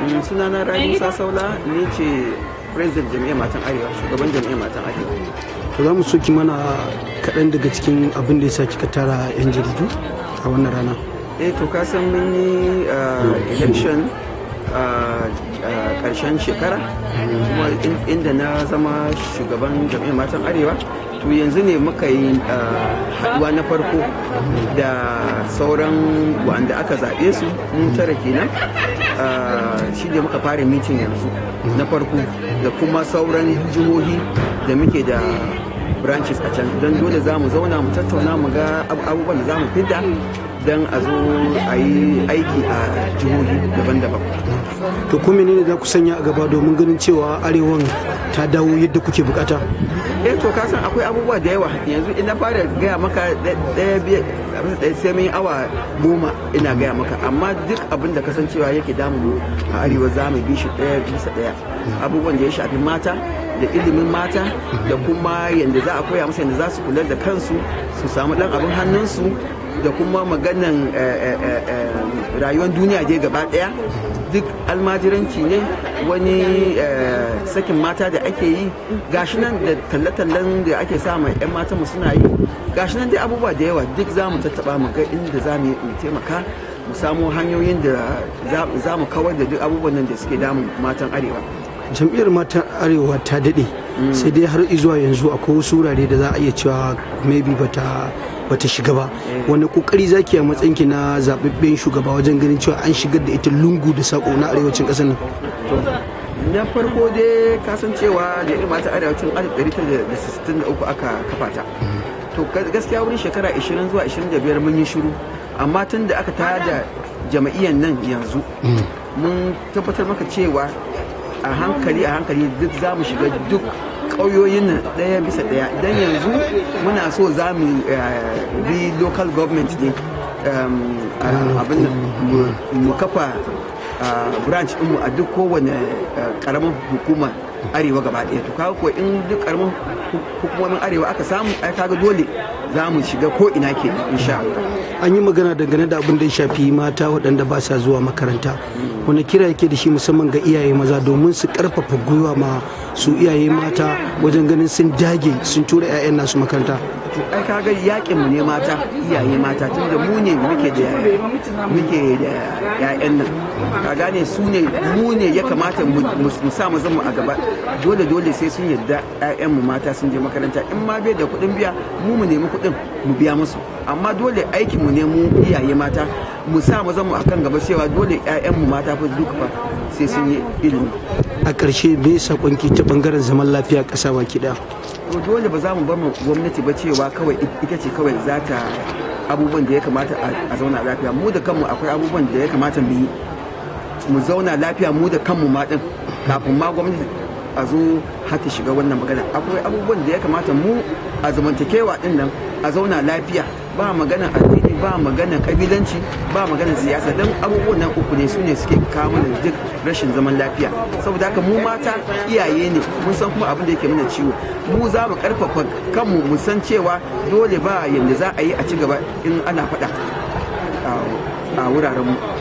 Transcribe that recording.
Eh, sunana rabi saula ne ce president jami'a matan arewa shugaban jami'a matan arewa to za mu soki mana kaɗan daga cikin abin da ya sa kika tara 'yan jaridu a wannan rana eh to ka san mun yi ah, election a ƙarshen shekara kuma inda na zama shugaban jami'ar matan arewa to yanzu ne muka yi haduwa na farko da sauran wanda aka zaɓe su mun tara kenan shi ne muka fara mitin yanzu na farko da kuma sauran jihohi da muke da branches a can don dole za mu zauna mu tattauna mu ga abubuwan da za mu fidda don a zo a yi aiki a jihohi daban-daban to kuma ne za ku sanya a gaba domin ganin cewa arewan ta dawo yadda kuke bukata eh to ka san akwai abubuwa da yawa yanzu ina fara gaya maka ɗaya da sai mun awa goma ina gaya maka amma duk abin da cewa yake damu a arewa za mu bi shi ɗaya bisa ɗaya abubuwan da ya shafi mata da ilimin mata da kuma yadda za a koya musu yadda za su kula da kansu su samu ɗan abin hannunsu da kuma maganan eh, eh, eh, rayuwar duniya dai gaba daya duk almajiranci ne wani sakin mata da ake yi gashi nan da talle-tallen da ake sama 'yan mata mu suna yi gashi nan dai abubuwa da yawa duk za mu tattaba mu ga inda za mu taimaka mu samu hanyoyin da za mu kawar da duk abubuwan nan da suke damun matan arewa jam'iyyar matan arewa ta daɗe mm. sai dai har zuwa yanzu akwai wasu wurare da za a iya cewa maybe bata bata shiga ba wani kokari zaki a matsayin ki na zababben shugaba wajen ganin cewa an shigar da ita lungu da sako na arewacin kasar nan na farko dai kasancewa da irin ta arewacin 1963 aka kafa ta to gaskiya wurin shekara 20 zuwa 25 mun yi shiru amma tun da aka tada jama'iyyar nan yanzu mm. mun tabbatar maka cewa a hankali a hankali duk za mu shiga duk ƙauyoyin nan ɗaya bisa ɗaya idan yanzu muna so za mu eh, bi local government ne abin mu kafa branch ɗinmu a duk kowane eh, ƙaramin hukuma arewa gaba ɗaya to kawo in duk ƙaramin hukumomin arewa aka samu ai kaga dole za mu shiga ko ina ke insha Allah an yi magana dangane da abin da ya shafi mata waɗanda ba sa zuwa makaranta wani kira yake da shi musamman ga iyaye maza domin su ƙarfafa gwiwa ma su iyaye mata wajen ganin sun dage sun tura 'ya'yan nasu makaranta to ai kaga yakin mu ne mata iyaye mata tunda mu ne muke da muke da ƴaƴan nan ka gane su ne mu ne ya kamata mu sa mazan mu a gaba dole dole sai sun yarda ƴaƴan mu mata sun je makaranta in ma bai da kuɗin biya mu mu nemi kuɗin mu biya musu amma dole aikinmu mu ne mu iyaye mata mu sa mazan mu akan gaba cewa dole ƴaƴanmu mu mata fa duk fa sai sun yi ilimi a ƙarshe me sakonki ta bangaren zaman lafiya ƙasa baki ɗaya to dole ba za mu bar gwamnati ba cewa kawai ita ce kawai za ta abubuwan da ya kamata a zauna lafiya mu da kanmu akwai abubuwan da ya kamata mu yi mu zauna lafiya mu da kanmu ma din kafin ma gwamnati a zo har ta shiga wannan magana akwai abubuwan da ya kamata mu a zamantakewa din nan a zauna lafiya ba magana addini ba magana kabilanci ba magana siyasa don abubuwan nan uku ne su ne suke kama da duk rashin zaman lafiya saboda haka mu mata iyaye ne mun san kuma abin da yake mana ciwo mu za mu karfafa kanmu mu san cewa dole ba yadda za a yi a ci gaba in ana faɗa a wuraren mu